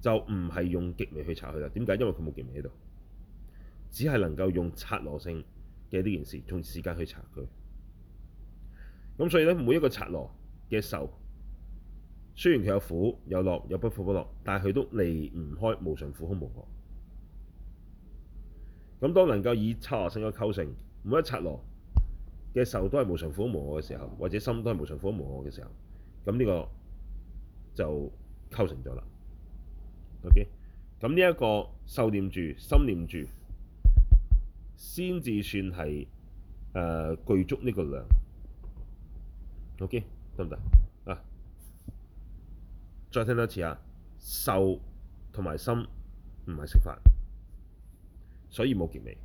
就唔係用極微去拆佢啦。點解？因為佢冇極微喺度，只係能夠用剎那性嘅呢件事，用時間去拆佢。咁所以咧，每一個剎那嘅受。雖然佢有苦有樂有不苦不樂，但係佢都離唔開無常苦空無我。咁當能夠以剎那性嘅構成，每一剎那嘅受都係無常苦空無我嘅時候，或者心都係無常苦空無我嘅時候，咁呢個就構成咗啦。OK，咁呢一個受念住、心念住，先至算係誒具足呢個量。OK，得唔得？再聽多次啊！受同埋心唔係色法，所以冇極微。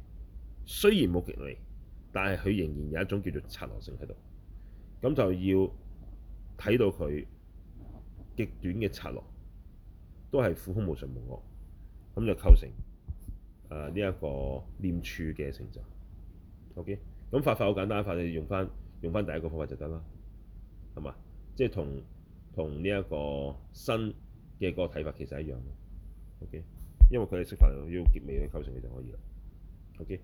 雖然冇極微，但係佢仍然有一種叫做剎那性喺度。咁就要睇到佢極短嘅剎那，都係苦空無常無我，咁就構成呢一、呃這個念住嘅成就。OK，咁法法好簡單，反正用翻用翻第一個方法就得啦，係嘛？即係同。同呢一個新嘅嗰個睇法其實一樣嘅，OK，因為佢哋色法要極微去構成嘅就可以啦，OK。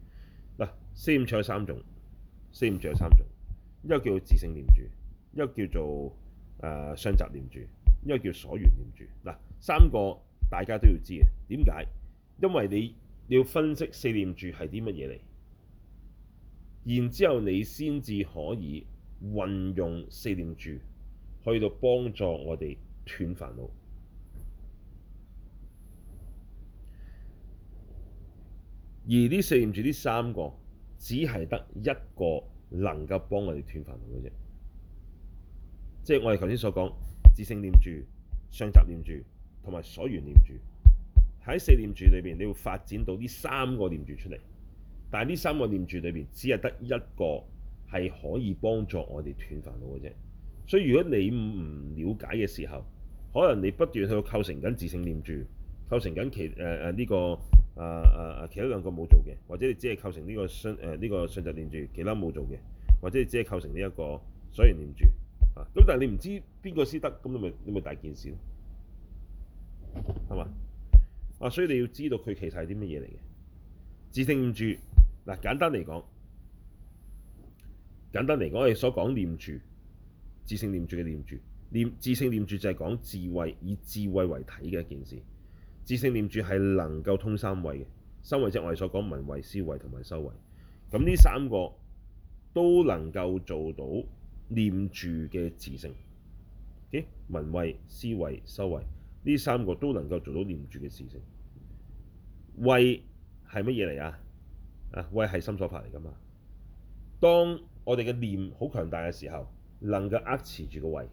嗱，四念住有三種，四念住有三種，一個叫做自性念住，一個叫做誒、呃、相雜念住，一個叫所緣念住。嗱，三個大家都要知嘅，點解？因為你要分析四念住係啲乜嘢嚟，然之後你先至可以運用四念住，去到幫助我哋斷煩惱，而呢四念住呢三個，只係得一個能夠幫我哋斷煩惱嘅啫。即係我哋頭先所講，自性念住、相雜念住同埋所緣念住，喺四念住裏邊，你會發展到呢三個念住出嚟。但係呢三個念住裏邊，只係得一個係可以幫助我哋斷煩惱嘅啫。所以如果你唔了解嘅時候，可能你不斷去構成緊自性念住，構成緊其誒誒呢個啊啊啊其他兩個冇做嘅，或者你只係構成呢、這個相誒呢個相雜念住，其他冇做嘅，或者你只係構成呢一個所緣念住啊，咁但係你唔知邊個先得，咁你咪你咪大件事咯，係嘛？啊，所以你要知道佢其實係啲乜嘢嚟嘅，自性念住嗱簡單嚟講，簡單嚟講我哋所講念住。自性念住嘅念住，念自性念住就係講智慧，以智慧為體嘅一件事。自性念住係能夠通三慧嘅，三慧即係我哋所講聞慧、思慧同埋修慧。咁呢三個都能夠做到念住嘅自性。聞慧、思慧、修慧呢三個都能夠做到念住嘅自性。慧係乜嘢嚟啊？啊，慧係心所法嚟噶嘛？當我哋嘅念好強大嘅時候。能夠握持住個慧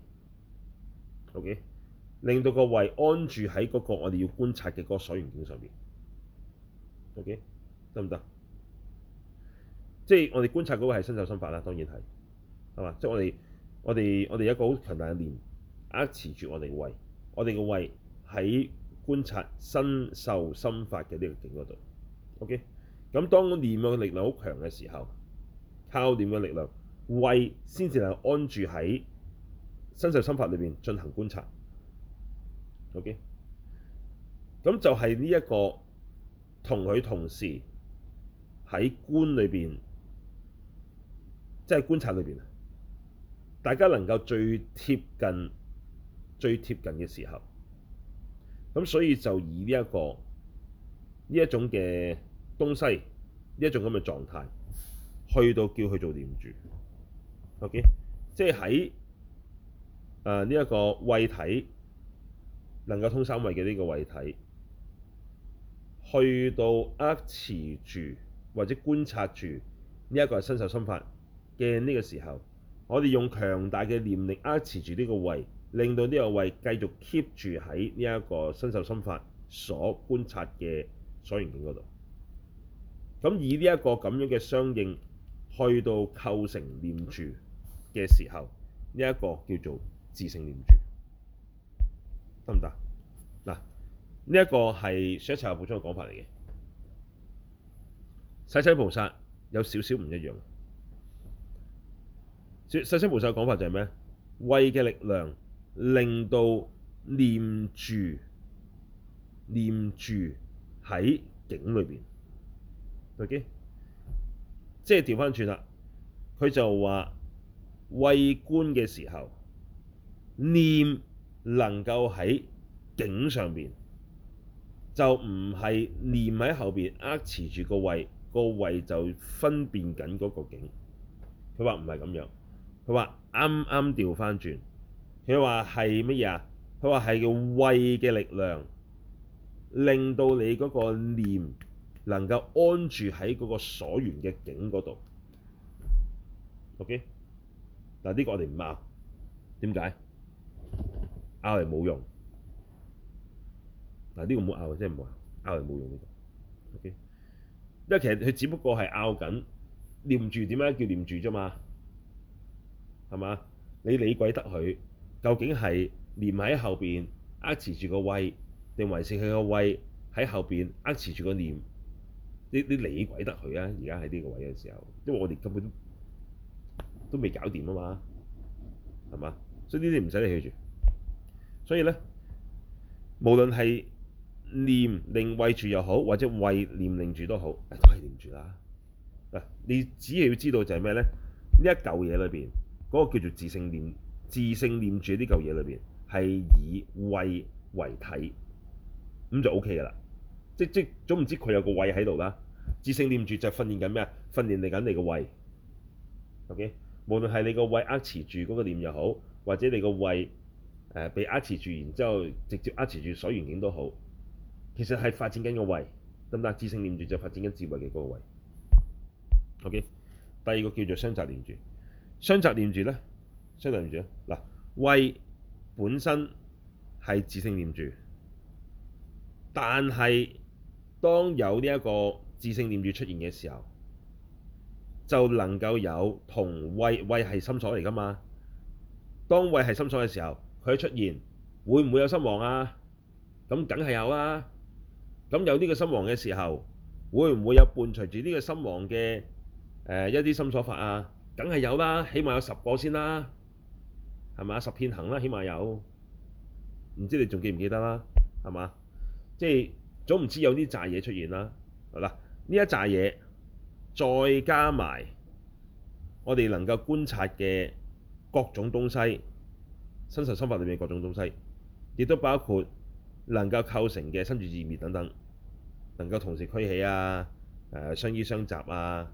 ，OK，令到個慧安住喺嗰個我哋要觀察嘅嗰個所緣境上面，OK，得唔得？即係我哋觀察嗰個係身受心法啦，當然係，係嘛？即係我哋我哋我哋有一個好強大嘅念握持住我哋嘅慧，我哋嘅慧喺觀察身受心法嘅呢個境嗰度，OK。咁當念嘅力量好強嘅時候，靠念嘅力量。為先至能安住喺身受心法裏邊進行觀察，OK，咁就係呢一個同佢同時喺觀裏邊，即係觀察裏邊啊，大家能夠最貼近最貼近嘅時候，咁所以就以呢一個呢一種嘅東西，呢一種咁嘅狀態去到叫佢做念住。OK，即係喺誒呢一個慧體能夠通三慧嘅呢個慧體，去到握持住或者觀察住呢一個係身受心法嘅呢個時候，我哋用強大嘅念力握持住呢個慧，令到呢個慧繼續 keep 住喺呢一個身受心法所觀察嘅所緣境嗰度。咁以呢一個咁樣嘅相應，去到構成念住嘅時候，呢一個叫做自性念住，得唔得？嗱，呢一個係說一切有部嘅講法嚟嘅，世親菩薩有少少唔一樣。世親菩薩嘅講法就係咩？慧嘅力量令到念住念住喺境裏邊。來堅，即係調翻轉啦，佢就話。慧觀嘅時候，念能夠喺境上邊，就唔係念喺後邊握持住個慧，個慧就分辨緊嗰個境。佢話唔係咁樣，佢話啱啱調翻轉。佢話係乜嘢啊？佢話係個慧嘅力量，令到你嗰個念能夠安住喺嗰個所緣嘅境嗰度。OK。但係呢個我哋唔拗，點解？拗嚟冇用。嗱，呢個唔好拗，即係唔好拗，拗嚟冇用嘅。O.K. 因為其實佢只不過係拗緊，念住點樣叫念住啫嘛？係嘛？你理鬼得佢？究竟係念喺後邊扼持住個慧，定還是佢個慧喺後邊扼持住個念？你，你理鬼得佢啊？而家喺呢個位嘅時候，因為我哋根本都～都未搞掂啊嘛，係嘛？所以呢啲唔使你去住。所以咧，無論係念令慧住又好，或者慧令念住都好，都係念住啦。嗱，你只係要知道就係咩咧？呢一嚿嘢裏邊，嗰個叫做自性念，自性念住呢嚿嘢裏邊，係以慧為體，咁就 O K 噶啦。即即總唔知佢有個慧喺度啦。自性念住就訓練緊咩啊？訓練嚟緊你個慧。O K。無論係你個慧壓持住嗰個念又好，或者你個慧誒被壓持住，然之後直接壓持住所緣境都好，其實係發展緊個慧，咁但係，自性念住就發展緊智慧嘅嗰個慧。OK，第二個叫做相雜念住，相雜念住咧，相雜念住咧，嗱，慧本身係自性念住，但係當有呢一個自性念住出現嘅時候，就能夠有同慧，慧係心所嚟㗎嘛？當慧係心所嘅時候，佢出現會唔會有心王啊？咁梗係有啊！咁有呢個心王嘅時候，會唔會有伴隨住呢個心王嘅誒一啲心所法啊？梗係有啦，起碼有十個先啦，係咪啊？十遍行啦，起碼有。唔知你仲記唔記得啦？係嘛？即係總唔知有啲紮嘢出現啦。係啦，呢一紮嘢。再加埋我哋能夠觀察嘅各種東西，身受心法裏面各種東西，亦都包括能夠構成嘅生住異滅等等，能夠同時俱起啊，誒相依相雜啊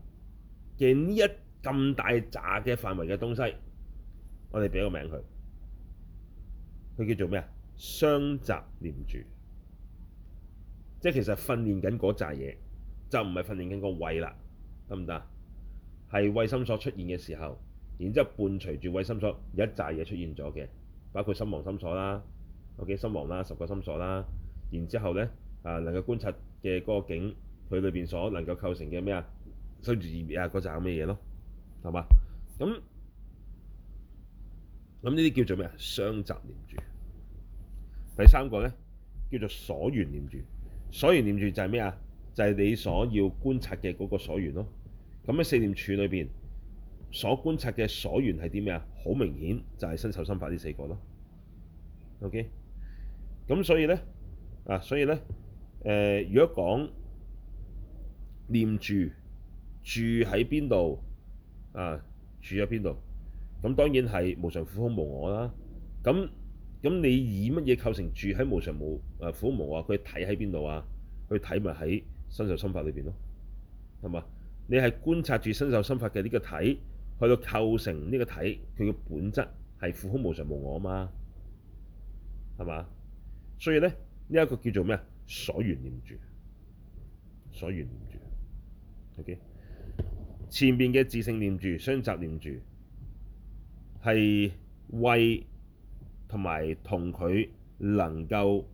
嘅呢一咁大扎嘅範圍嘅東西，我哋俾個名佢，佢叫做咩啊？相雜念住，即係其實訓練緊嗰扎嘢，就唔係訓練緊個慧啦。得唔得？係慧心所出現嘅時候，然之後伴隨住慧心所有一紮嘢出現咗嘅，包括心王心所啦，OK，心王啦，十個心所啦，然之後咧啊、呃，能夠觀察嘅嗰個境，佢裏邊所能夠構成嘅咩啊？生住異滅咁嘅嘢咯，係嘛？咁咁呢啲叫做咩啊？相雜念住。第三個咧叫做所緣念住，所緣念住就係咩啊？就係你所要觀察嘅嗰個所緣咯。咁喺四念處裏邊所觀察嘅所緣係啲咩啊？好明顯就係身、受、心、法呢四個咯。OK。咁所以咧啊，所以咧誒、呃，如果講念住住喺邊度啊？住喺邊度？咁當然係無常、苦、空、無我啦。咁咁你以乜嘢構成住喺無常無、苦無誒苦、無啊？佢睇喺邊度啊？去睇咪喺？身受心法裏邊咯，係嘛？你係觀察住身受心法嘅呢個體，去到構成呢個體佢嘅本質係苦空無常無我啊嘛，係嘛？所以咧呢一個叫做咩啊？所緣念住，所緣念住。OK，前邊嘅自性念住、相雜念住係為同埋同佢能夠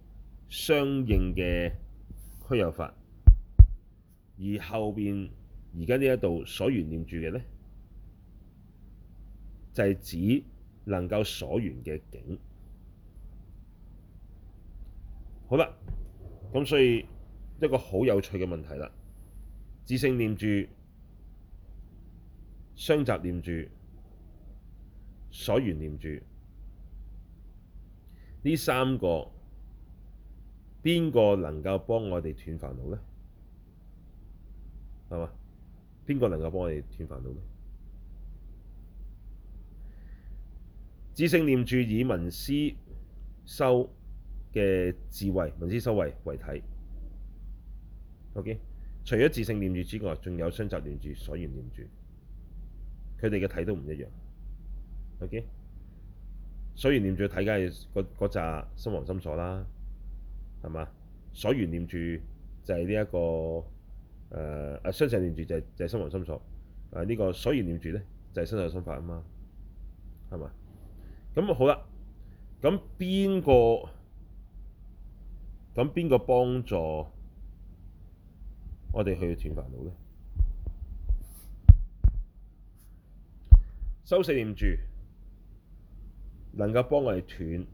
相應嘅俱有法，而後邊而家呢一度所緣念住嘅，呢，就係、是、指能夠所緣嘅境。好啦，咁所以一個好有趣嘅問題啦，自性念住、相雜念住、所緣念住呢三個，邊個能夠幫我哋斷煩惱呢？係嘛？邊個能夠幫你斷煩惱？自性念住以聞思修嘅智慧、聞思修慧為體。OK，除咗自性念住之外，仲有相雜念住、所緣念住。佢哋嘅體都唔一樣。OK，所緣念住嘅體梗係嗰啲心王心所啦。係嘛？所緣念住就係呢一個。誒，相雜念住就係、是、就係、是、心王心所，啊、呢、這個所緣念住咧就係身受心法啊嘛，係嘛？咁好啦，咁邊個咁邊個幫助我哋去斷煩惱咧？修四念住能夠幫我哋斷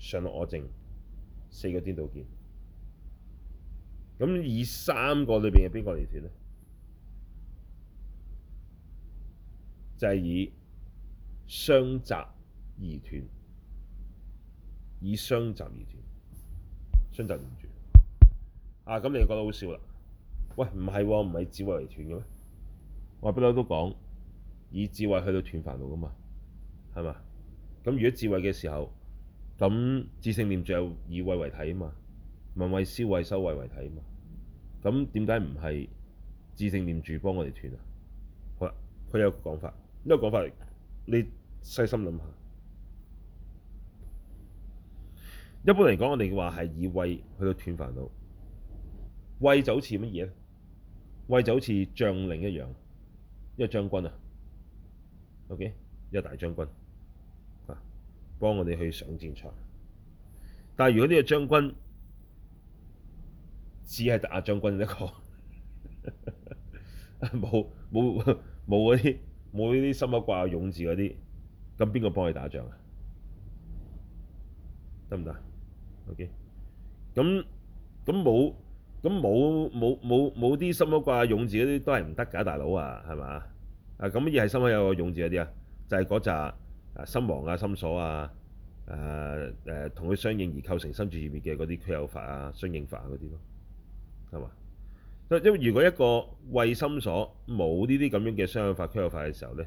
常樂我淨四個顛倒見。咁以三個裏邊嘅邊個嚟斷呢？就係、是、以相雜而斷，以相雜而斷，相雜念住。啊，咁你就覺得好笑啦？喂，唔係喎，唔係智慧嚟斷嘅咩？我不嬲都講以智慧去到斷煩惱噶嘛，係嘛？咁如果智慧嘅時候，咁自性念住又以慧為體啊嘛，聞慧、思慧、修慧為，為體啊嘛。咁點解唔係自性念住幫我哋斷啊？好啦，佢有個講法，呢個講法你細心諗下。一般嚟講，我哋話係以慧去到斷煩惱，慧就好似乜嘢咧？慧就好似將領一樣，一個將軍啊，OK，一個大將軍啊，幫我哋去上戰場。但係如果呢個將軍，只係打將軍一個， 冇冇冇嗰啲冇呢啲心口掛勇字嗰啲，咁邊個幫你打仗啊？得唔得？OK，咁咁冇咁冇冇冇冇啲心口掛勇字嗰啲都係唔得㗎，大佬啊，係咪？啊？咁乜嘢係心口有個勇字嗰啲、就是、啊？就係嗰扎誒心王啊、心所啊、誒誒同佢相應而構成生住異滅嘅嗰啲俱有法啊、相應法啊嗰啲咯。係嘛？因為如果一個慧心所冇呢啲咁樣嘅相應法、俱有法嘅時候呢，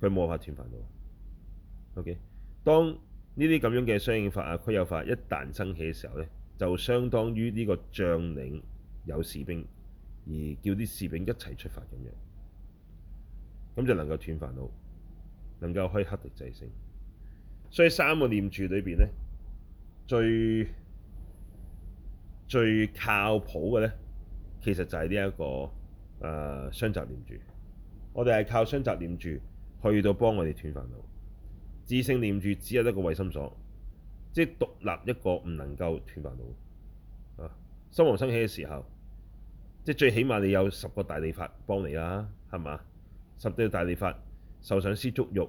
佢冇法斷煩惱。O、okay? K，當呢啲咁樣嘅相應法啊、俱有法一旦生起嘅時候呢，就相當於呢個將領有士兵，而叫啲士兵一齊出發咁樣，咁就能夠斷煩惱，能夠可以克敵制勝。所以三個念住裏邊呢，最最靠譜嘅呢。其實就係呢一個誒、呃、相雜念住，我哋係靠相雜念住去到幫我哋斷煩惱。自性念住只有一個慧心所，即係獨立一個唔能夠斷煩惱。啊，心王生起嘅時候，即係最起碼你有十個大地法幫你啦，係嘛？十個大地法受想思觸欲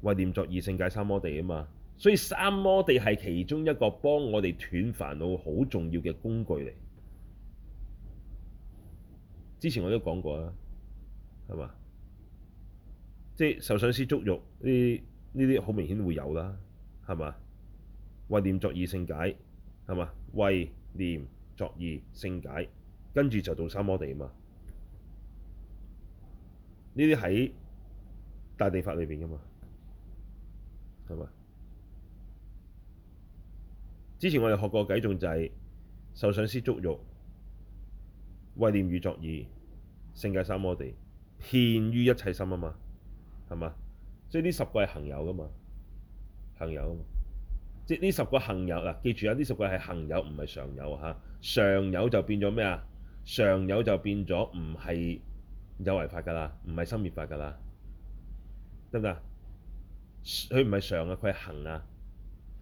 慧念作意勝解三摩地啊嘛，所以三摩地係其中一個幫我哋斷煩惱好重要嘅工具嚟。之前我都講過啦，係嘛？即係受想思觸欲呢？呢啲好明顯會有啦，係嘛？慧念作意勝解，係嘛？慧念作意勝解，跟住就做三摩地嘛。呢啲喺大地法裏邊噶嘛，係嘛？之前我哋學過偈頌就係受想思觸欲，慧念與作意。勝解三摩地，遍於一切心啊嘛，係嘛？所以呢十個係恒有噶嘛，恒有啊嘛。即係呢十個恒有嗱，記住啊，呢十個係恒有，唔係常有嚇。常有就變咗咩啊？常有就變咗唔係有為法噶啦，唔係生滅法噶啦，得唔得？佢唔係常啊，佢係恒啊，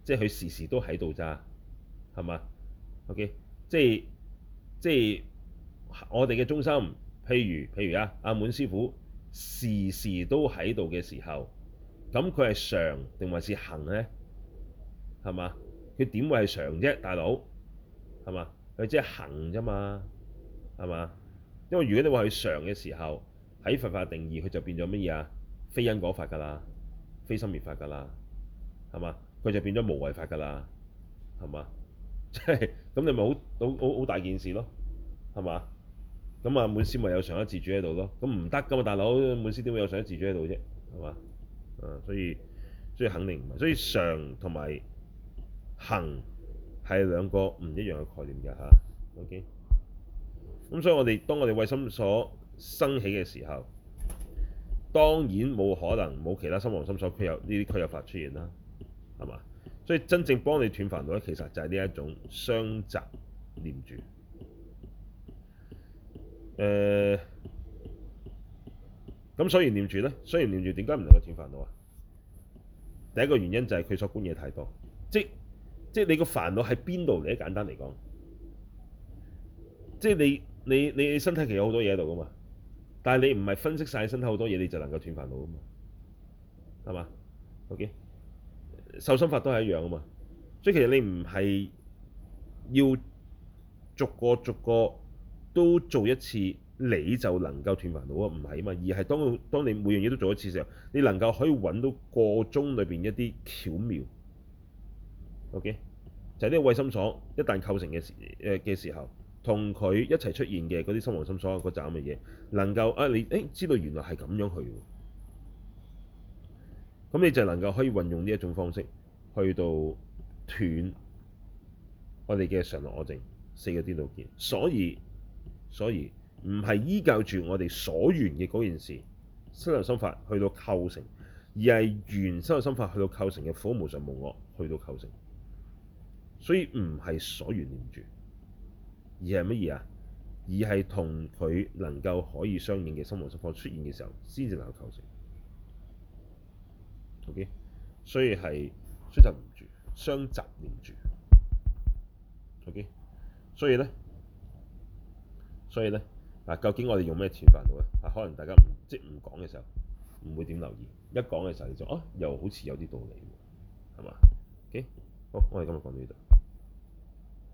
即係佢時時都喺度咋，係嘛？OK，即係即係我哋嘅中心。譬如譬如啊，阿滿師傅時時都喺度嘅時候，咁佢係常定還是恒呢？係嘛？佢點會係常啫，大佬？係嘛？佢即係恒啫嘛？係嘛？因為如果你話佢常嘅時候，喺佛法定義，佢就變咗乜嘢啊？非因果法噶啦，非心滅法噶啦，係嘛？佢就變咗無為法噶啦，係嘛？即係咁，你咪好好好大件事咯，係嘛？咁啊，滿師咪有常一自主喺度咯？咁唔得㗎嘛，大佬滿師點會有常一自主喺度啫？係嘛？啊，所以所以肯定唔係，所以常同埋行係兩個唔一樣嘅概念嘅吓、啊、OK，咁所以我哋當我哋慧心所生起嘅時候，當然冇可能冇其他心王心所俱有呢啲俱有法出現啦。係嘛？所以真正幫你斷煩惱咧，其實就係呢一種相雜念住。誒，咁、呃、所以念住咧，所以念住，點解唔能夠斷煩惱啊？第一個原因就係佢所觀嘢太多，即即係你個煩惱喺邊度嚟？簡單嚟講，即係你你你身體其實有好多嘢喺度噶嘛，但係你唔係分析晒身體好多嘢，你就能夠斷煩惱噶嘛，係嘛？OK，受心法都係一樣啊嘛，所以其實你唔係要逐個逐個。都做一次你就能夠斷煩惱啊？唔係啊嘛，而係當當你每樣嘢都做一次時候，你能夠可以揾到個中裏邊一啲巧妙。OK，就係呢個慧心所，一旦構成嘅時誒嘅時候，同、呃、佢一齊出現嘅嗰啲心王心所嗰盞嘅嘢，能夠啊你誒、欸、知道原來係咁樣去，咁你就能夠可以運用呢一種方式去到斷我哋嘅常樂我淨四個顛倒見，所以。所以唔係依靠住我哋所緣嘅嗰件事，身受心法去到構成，而係緣身受心法去到構成嘅苦、無常、無我去到構成，所以唔係所緣念住，而係乜嘢啊？而係同佢能夠可以相應嘅身受心法出現嘅時候，先至能夠構成。OK，所以係相雜念住，相雜念住。OK，所以咧。所以呢，嗱、啊，究竟我哋用咩錢賺到咧？啊，可能大家唔即唔講嘅時候，唔會點留意；一講嘅時候，你就哦，又好似有啲道理嘅，係嘛？OK，好，我哋今日講到呢度。